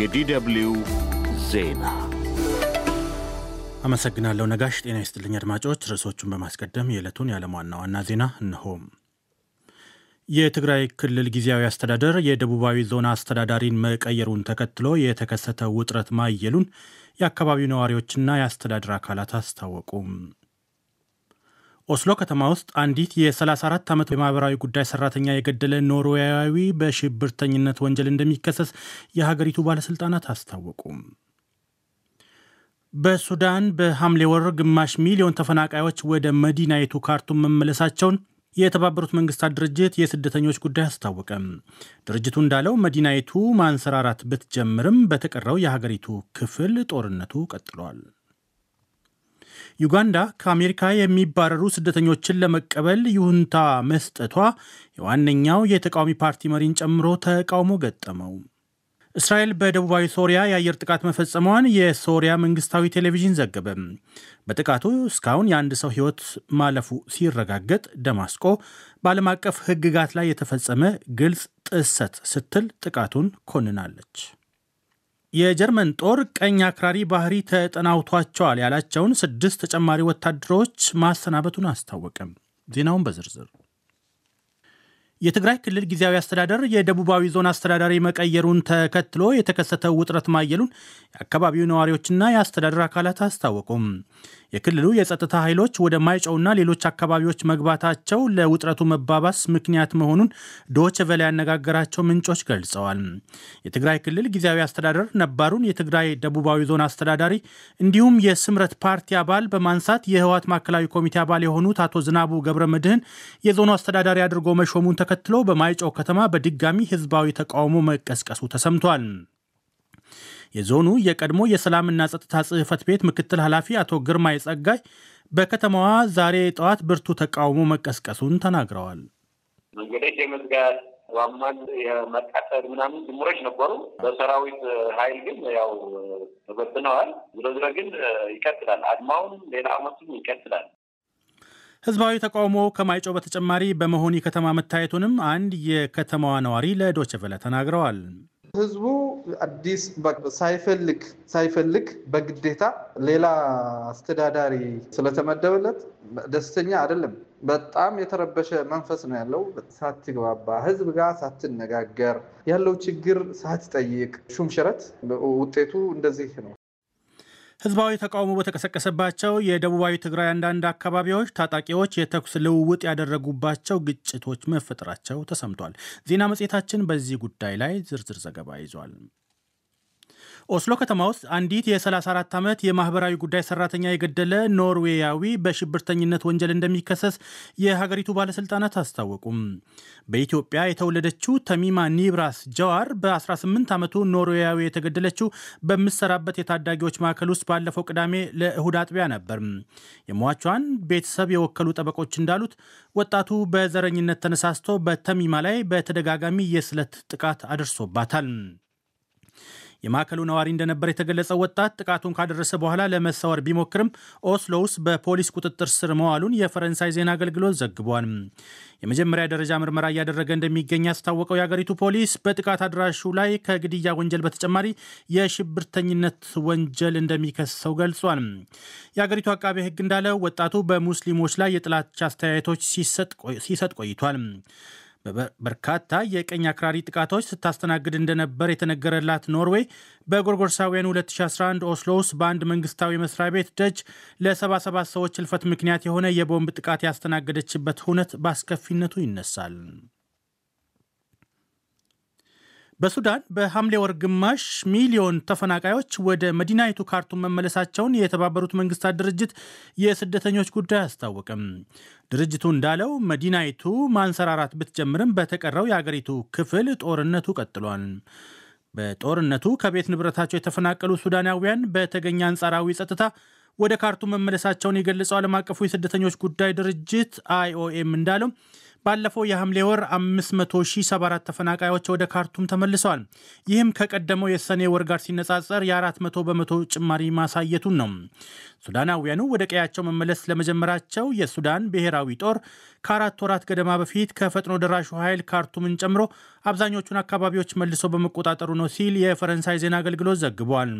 የዲደብሊው ዜና አመሰግናለሁ ነጋሽ። ጤና ይስጥልኝ አድማጮች። ርዕሶቹን በማስቀደም የዕለቱን የዓለም ዋና ዋና ዜና እነሆም። የትግራይ ክልል ጊዜያዊ አስተዳደር የደቡባዊ ዞን አስተዳዳሪን መቀየሩን ተከትሎ የተከሰተ ውጥረት ማየሉን የአካባቢው ነዋሪዎችና የአስተዳደር አካላት አስታወቁም። ኦስሎ ከተማ ውስጥ አንዲት የ34 ዓመት የማህበራዊ ጉዳይ ሰራተኛ የገደለ ኖርዌያዊ በሽብርተኝነት ወንጀል እንደሚከሰስ የሀገሪቱ ባለስልጣናት አስታወቁ። በሱዳን በሐምሌ ወር ግማሽ ሚሊዮን ተፈናቃዮች ወደ መዲናይቱ ካርቱም መመለሳቸውን የተባበሩት መንግስታት ድርጅት የስደተኞች ጉዳይ አስታወቀ። ድርጅቱ እንዳለው መዲናይቱ ማንሰራራት ብትጀምርም በተቀረው የሀገሪቱ ክፍል ጦርነቱ ቀጥሏል። ዩጋንዳ ከአሜሪካ የሚባረሩ ስደተኞችን ለመቀበል ይሁንታ መስጠቷ የዋነኛው የተቃዋሚ ፓርቲ መሪን ጨምሮ ተቃውሞ ገጠመው። እስራኤል በደቡባዊ ሶሪያ የአየር ጥቃት መፈጸሟን የሶሪያ መንግስታዊ ቴሌቪዥን ዘገበ። በጥቃቱ እስካሁን የአንድ ሰው ሕይወት ማለፉ ሲረጋገጥ ደማስቆ በዓለም አቀፍ ሕግጋት ላይ የተፈጸመ ግልጽ ጥሰት ስትል ጥቃቱን ኮንናለች። የጀርመን ጦር ቀኝ አክራሪ ባህሪ ተጠናውቷቸዋል ያላቸውን ስድስት ተጨማሪ ወታደሮች ማሰናበቱን አስታወቀም። ዜናውን በዝርዝር የትግራይ ክልል ጊዜያዊ አስተዳደር የደቡባዊ ዞን አስተዳዳሪ መቀየሩን ተከትሎ የተከሰተው ውጥረት ማየሉን የአካባቢው ነዋሪዎችና የአስተዳደር አካላት አስታወቁም። የክልሉ የጸጥታ ኃይሎች ወደ ማይጨውና ሌሎች አካባቢዎች መግባታቸው ለውጥረቱ መባባስ ምክንያት መሆኑን ዶች ቬለ ያነጋገራቸው ምንጮች ገልጸዋል። የትግራይ ክልል ጊዜያዊ አስተዳደር ነባሩን የትግራይ ደቡባዊ ዞን አስተዳዳሪ እንዲሁም የስምረት ፓርቲ አባል በማንሳት የህወሓት ማዕከላዊ ኮሚቴ አባል የሆኑት አቶ ዝናቡ ገብረ መድህን የዞኑ አስተዳዳሪ አድርጎ መሾሙን ተከትሎ በማይጨው ከተማ በድጋሚ ህዝባዊ ተቃውሞ መቀስቀሱ ተሰምቷል። የዞኑ የቀድሞ የሰላምና ጸጥታ ጽህፈት ቤት ምክትል ኃላፊ አቶ ግርማ የጸጋይ በከተማዋ ዛሬ ጠዋት ብርቱ ተቃውሞ መቀስቀሱን ተናግረዋል። መንገዶች የመዝጋት ዋማን የመቃጠል ምናምን ጅምሮች ነበሩ። በሰራዊት ኃይል ግን ያው ተበትነዋል። ዝሮ ዝሮ ግን ይቀጥላል። አድማውን ሌላ አመቱም ይቀጥላል። ህዝባዊ ተቃውሞ ከማይጨው በተጨማሪ በመሆኒ ከተማ መታየቱንም አንድ የከተማዋ ነዋሪ ለዶችቨለ ተናግረዋል። ህዝቡ አዲስ ሳይፈልግ ሳይፈልግ በግዴታ ሌላ አስተዳዳሪ ስለተመደበለት ደስተኛ አይደለም። በጣም የተረበሸ መንፈስ ነው ያለው። ሳትግባባ ህዝብ ጋር ሳትነጋገር ያለው ችግር ሳትጠይቅ ሹምሽረት ውጤቱ እንደዚህ ነው። ህዝባዊ ተቃውሞ በተቀሰቀሰባቸው የደቡባዊ ትግራይ አንዳንድ አካባቢዎች ታጣቂዎች የተኩስ ልውውጥ ያደረጉባቸው ግጭቶች መፈጠራቸው ተሰምቷል። ዜና መጽሔታችን በዚህ ጉዳይ ላይ ዝርዝር ዘገባ ይዟል። ኦስሎ ከተማ ውስጥ አንዲት የ34 ዓመት የማህበራዊ ጉዳይ ሰራተኛ የገደለ ኖርዌያዊ በሽብርተኝነት ወንጀል እንደሚከሰስ የሀገሪቱ ባለስልጣናት አስታወቁም። በኢትዮጵያ የተወለደችው ተሚማ ኒብራስ ጀዋር በ18 ዓመቱ ኖርዌያዊ የተገደለችው በምሰራበት የታዳጊዎች ማዕከል ውስጥ ባለፈው ቅዳሜ ለእሁድ አጥቢያ ነበር። የሟቿን ቤተሰብ የወከሉ ጠበቆች እንዳሉት ወጣቱ በዘረኝነት ተነሳስቶ በተሚማ ላይ በተደጋጋሚ የስለት ጥቃት አድርሶባታል። የማዕከሉ ነዋሪ እንደነበር የተገለጸው ወጣት ጥቃቱን ካደረሰ በኋላ ለመሰወር ቢሞክርም ኦስሎ ውስጥ በፖሊስ ቁጥጥር ስር መዋሉን የፈረንሳይ ዜና አገልግሎት ዘግቧል። የመጀመሪያ ደረጃ ምርመራ እያደረገ እንደሚገኝ ያስታወቀው የአገሪቱ ፖሊስ በጥቃት አድራሹ ላይ ከግድያ ወንጀል በተጨማሪ የሽብርተኝነት ወንጀል እንደሚከሰው ገልጿል። የአገሪቱ አቃቤ ሕግ እንዳለው ወጣቱ በሙስሊሞች ላይ የጥላቻ አስተያየቶች ሲሰጥ ቆይቷል። በበርካታ የቀኝ አክራሪ ጥቃቶች ስታስተናግድ እንደነበር የተነገረላት ኖርዌይ በጎርጎርሳውያን 2011 ኦስሎ ውስጥ በአንድ መንግስታዊ መስሪያ ቤት ደጅ ለ77 ሰዎች እልፈት ምክንያት የሆነ የቦምብ ጥቃት ያስተናገደችበት ሁነት በአስከፊነቱ ይነሳል። በሱዳን በሐምሌ ወር ግማሽ ሚሊዮን ተፈናቃዮች ወደ መዲናይቱ ካርቱም መመለሳቸውን የተባበሩት መንግስታት ድርጅት የስደተኞች ጉዳይ አስታወቅም። ድርጅቱ እንዳለው መዲናይቱ ማንሰራራት ብትጀምርም በተቀረው የአገሪቱ ክፍል ጦርነቱ ቀጥሏል። በጦርነቱ ከቤት ንብረታቸው የተፈናቀሉ ሱዳናውያን በተገኘ አንጻራዊ ጸጥታ ወደ ካርቱም መመለሳቸውን የገለጸው ዓለም አቀፉ የስደተኞች ጉዳይ ድርጅት አይኦኤም እንዳለው ባለፈው የሐምሌ ወር 574 ተፈናቃዮች ወደ ካርቱም ተመልሰዋል። ይህም ከቀደመው የሰኔ ወር ጋር ሲነጻጸር የ400 በመቶ ጭማሪ ማሳየቱን ነው። ሱዳናውያኑ ወደ ቀያቸው መመለስ ለመጀመራቸው የሱዳን ብሔራዊ ጦር ከአራት ወራት ገደማ በፊት ከፈጥኖ ደራሹ ኃይል ካርቱምን ጨምሮ አብዛኞቹን አካባቢዎች መልሶ በመቆጣጠሩ ነው ሲል የፈረንሳይ ዜና አገልግሎት ዘግቧል።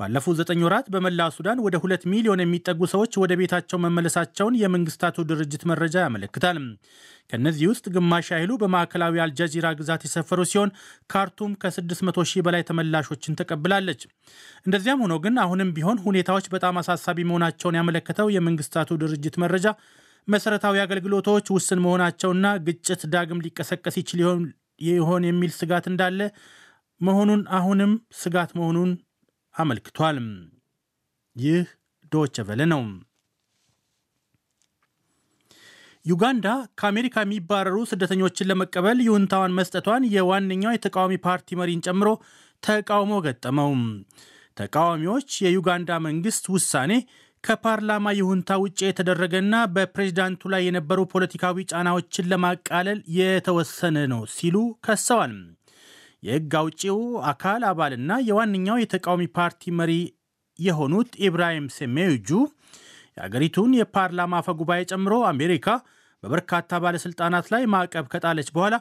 ባለፉት ዘጠኝ ወራት በመላ ሱዳን ወደ ሁለት ሚሊዮን የሚጠጉ ሰዎች ወደ ቤታቸው መመለሳቸውን የመንግስታቱ ድርጅት መረጃ ያመለክታል። ከእነዚህ ውስጥ ግማሽ ያህሉ በማዕከላዊ አልጃዚራ ግዛት የሰፈሩ ሲሆን ካርቱም ከ600 ሺህ በላይ ተመላሾችን ተቀብላለች። እንደዚያም ሆኖ ግን አሁንም ቢሆን ሁኔታዎች በጣም አሳሳቢ መሆናቸውን ያመለከተው የመንግስታቱ ድርጅት መረጃ መሰረታዊ አገልግሎቶች ውስን መሆናቸውና ግጭት ዳግም ሊቀሰቀስ ይችል ይሆን የሚል ስጋት እንዳለ መሆኑን አሁንም ስጋት መሆኑን አመልክቷል። ይህ ዶቼ ቬለ ነው። ዩጋንዳ ከአሜሪካ የሚባረሩ ስደተኞችን ለመቀበል ይሁንታዋን መስጠቷን የዋነኛው የተቃዋሚ ፓርቲ መሪን ጨምሮ ተቃውሞ ገጠመው። ተቃዋሚዎች የዩጋንዳ መንግስት ውሳኔ ከፓርላማ ይሁንታ ውጭ የተደረገና በፕሬዚዳንቱ ላይ የነበሩ ፖለቲካዊ ጫናዎችን ለማቃለል የተወሰነ ነው ሲሉ ከሰዋል። የህግ አውጪው አካል አባልና የዋነኛው የተቃዋሚ ፓርቲ መሪ የሆኑት ኢብራሂም ሴሜዩጁ የአገሪቱን የፓርላማ አፈ ጉባኤ ጨምሮ አሜሪካ በበርካታ ባለሥልጣናት ላይ ማዕቀብ ከጣለች በኋላ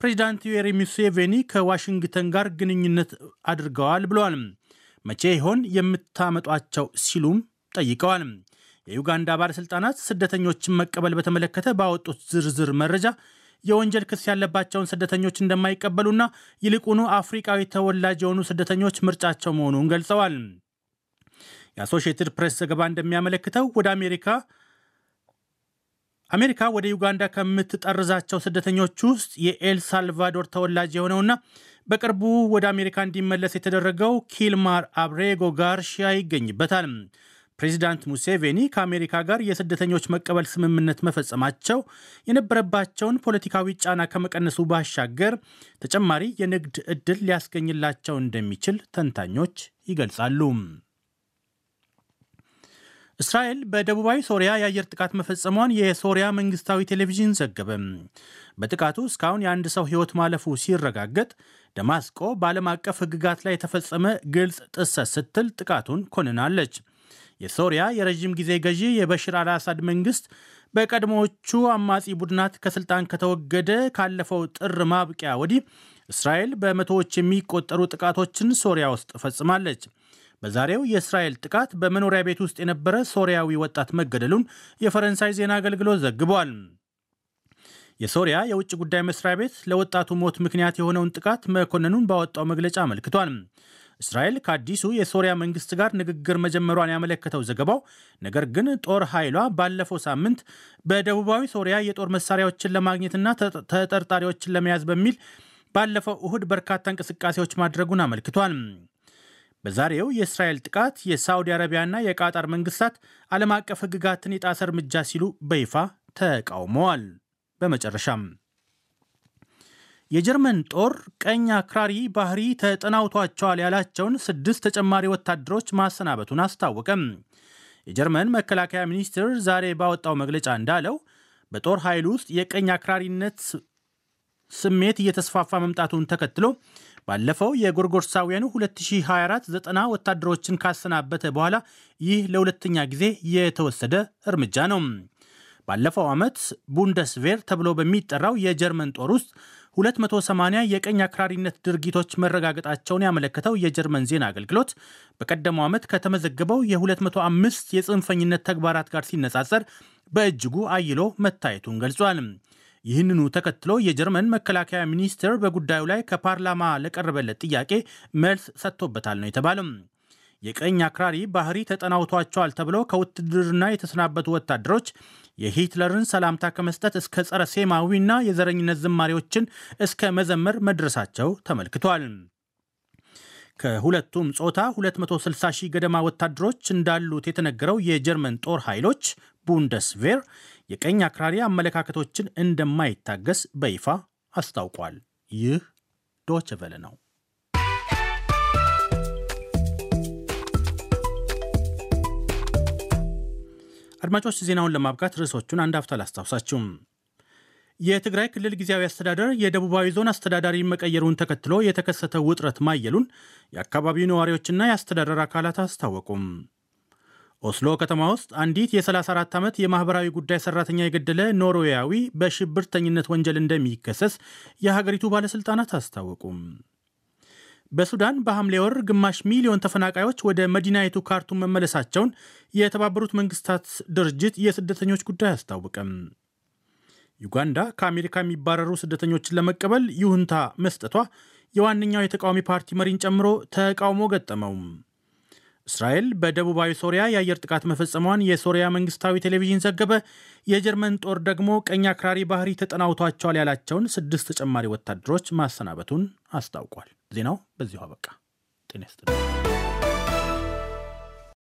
ፕሬዚዳንት ዩዌሪ ሙሴቬኒ ከዋሽንግተን ጋር ግንኙነት አድርገዋል ብለዋል። መቼ ይሆን የምታመጧቸው ሲሉም ጠይቀዋል። የዩጋንዳ ባለሥልጣናት ስደተኞችን መቀበል በተመለከተ ባወጡት ዝርዝር መረጃ የወንጀል ክስ ያለባቸውን ስደተኞች እንደማይቀበሉና ይልቁኑ አፍሪቃዊ ተወላጅ የሆኑ ስደተኞች ምርጫቸው መሆኑን ገልጸዋል። የአሶሺየትድ ፕሬስ ዘገባ እንደሚያመለክተው ወደ አሜሪካ አሜሪካ ወደ ዩጋንዳ ከምትጠርዛቸው ስደተኞች ውስጥ የኤል ሳልቫዶር ተወላጅ የሆነውና በቅርቡ ወደ አሜሪካ እንዲመለስ የተደረገው ኪልማር አብሬጎ ጋርሺያ ይገኝበታል። ፕሬዚዳንት ሙሴቬኒ ከአሜሪካ ጋር የስደተኞች መቀበል ስምምነት መፈጸማቸው የነበረባቸውን ፖለቲካዊ ጫና ከመቀነሱ ባሻገር ተጨማሪ የንግድ ዕድል ሊያስገኝላቸው እንደሚችል ተንታኞች ይገልጻሉ። እስራኤል በደቡባዊ ሶሪያ የአየር ጥቃት መፈጸሟን የሶሪያ መንግስታዊ ቴሌቪዥን ዘገበ። በጥቃቱ እስካሁን የአንድ ሰው ሕይወት ማለፉ ሲረጋገጥ ደማስቆ በዓለም አቀፍ ሕግጋት ላይ የተፈጸመ ግልጽ ጥሰት ስትል ጥቃቱን ኮንናለች። የሶሪያ የረዥም ጊዜ ገዢ የበሽር አልአሳድ መንግስት በቀድሞዎቹ አማጺ ቡድናት ከስልጣን ከተወገደ ካለፈው ጥር ማብቂያ ወዲህ እስራኤል በመቶዎች የሚቆጠሩ ጥቃቶችን ሶሪያ ውስጥ ፈጽማለች። በዛሬው የእስራኤል ጥቃት በመኖሪያ ቤት ውስጥ የነበረ ሶሪያዊ ወጣት መገደሉን የፈረንሳይ ዜና አገልግሎት ዘግቧል። የሶሪያ የውጭ ጉዳይ መስሪያ ቤት ለወጣቱ ሞት ምክንያት የሆነውን ጥቃት መኮንኑን ባወጣው መግለጫ አመልክቷል። እስራኤል ከአዲሱ የሶሪያ መንግስት ጋር ንግግር መጀመሯን ያመለከተው ዘገባው፣ ነገር ግን ጦር ኃይሏ ባለፈው ሳምንት በደቡባዊ ሶሪያ የጦር መሳሪያዎችን ለማግኘትና ተጠርጣሪዎችን ለመያዝ በሚል ባለፈው እሁድ በርካታ እንቅስቃሴዎች ማድረጉን አመልክቷል። በዛሬው የእስራኤል ጥቃት የሳዑዲ አረቢያና የቃጣር መንግስታት ዓለም አቀፍ ሕግጋትን የጣሰ እርምጃ ሲሉ በይፋ ተቃውመዋል። በመጨረሻም የጀርመን ጦር ቀኝ አክራሪ ባህሪ ተጠናውቷቸዋል ያላቸውን ስድስት ተጨማሪ ወታደሮች ማሰናበቱን አስታወቀም። የጀርመን መከላከያ ሚኒስትር ዛሬ ባወጣው መግለጫ እንዳለው በጦር ኃይል ውስጥ የቀኝ አክራሪነት ስሜት እየተስፋፋ መምጣቱን ተከትሎ ባለፈው የጎርጎርሳውያኑ 2024 ዘጠና ወታደሮችን ካሰናበተ በኋላ ይህ ለሁለተኛ ጊዜ የተወሰደ እርምጃ ነው። ባለፈው ዓመት ቡንደስቬር ተብሎ በሚጠራው የጀርመን ጦር ውስጥ 280 የቀኝ አክራሪነት ድርጊቶች መረጋገጣቸውን ያመለከተው የጀርመን ዜና አገልግሎት በቀደመው ዓመት ከተመዘገበው የ205 የጽንፈኝነት ተግባራት ጋር ሲነጻጸር በእጅጉ አይሎ መታየቱን ገልጿል። ይህንኑ ተከትሎ የጀርመን መከላከያ ሚኒስቴር በጉዳዩ ላይ ከፓርላማ ለቀረበለት ጥያቄ መልስ ሰጥቶበታል ነው የተባለው። የቀኝ አክራሪ ባህሪ ተጠናውቷቸዋል ተብለው ከውትድርና የተሰናበቱ ወታደሮች የሂትለርን ሰላምታ ከመስጠት እስከ ጸረ ሴማዊና የዘረኝነት ዝማሬዎችን እስከ መዘመር መድረሳቸው ተመልክቷል። ከሁለቱም ጾታ 260 ሺህ ገደማ ወታደሮች እንዳሉት የተነገረው የጀርመን ጦር ኃይሎች ቡንደስቬር የቀኝ አክራሪ አመለካከቶችን እንደማይታገስ በይፋ አስታውቋል። ይህ ዶችቨለ ነው። አድማጮች፣ ዜናውን ለማብቃት ርዕሶቹን አንድ አፍታ ላስታውሳችሁም። የትግራይ ክልል ጊዜያዊ አስተዳደር የደቡባዊ ዞን አስተዳዳሪ መቀየሩን ተከትሎ የተከሰተ ውጥረት ማየሉን የአካባቢው ነዋሪዎችና የአስተዳደር አካላት አስታወቁም። ኦስሎ ከተማ ውስጥ አንዲት የ34 ዓመት የማኅበራዊ ጉዳይ ሠራተኛ የገደለ ኖርዌያዊ በሽብርተኝነት ወንጀል እንደሚከሰስ የሀገሪቱ ባለሥልጣናት አስታወቁም። በሱዳን በሐምሌ ወር ግማሽ ሚሊዮን ተፈናቃዮች ወደ መዲናይቱ ካርቱም መመለሳቸውን የተባበሩት መንግስታት ድርጅት የስደተኞች ጉዳይ አስታወቀም። ዩጋንዳ ከአሜሪካ የሚባረሩ ስደተኞችን ለመቀበል ይሁንታ መስጠቷ የዋነኛው የተቃዋሚ ፓርቲ መሪን ጨምሮ ተቃውሞ ገጠመው። እስራኤል በደቡባዊ ሶሪያ የአየር ጥቃት መፈጸሟን የሶሪያ መንግስታዊ ቴሌቪዥን ዘገበ። የጀርመን ጦር ደግሞ ቀኝ አክራሪ ባህሪ ተጠናውቷቸዋል ያላቸውን ስድስት ተጨማሪ ወታደሮች ማሰናበቱን አስታውቋል። ዜናው በዚሁ አበቃ። ጤና ይስጥልኝ።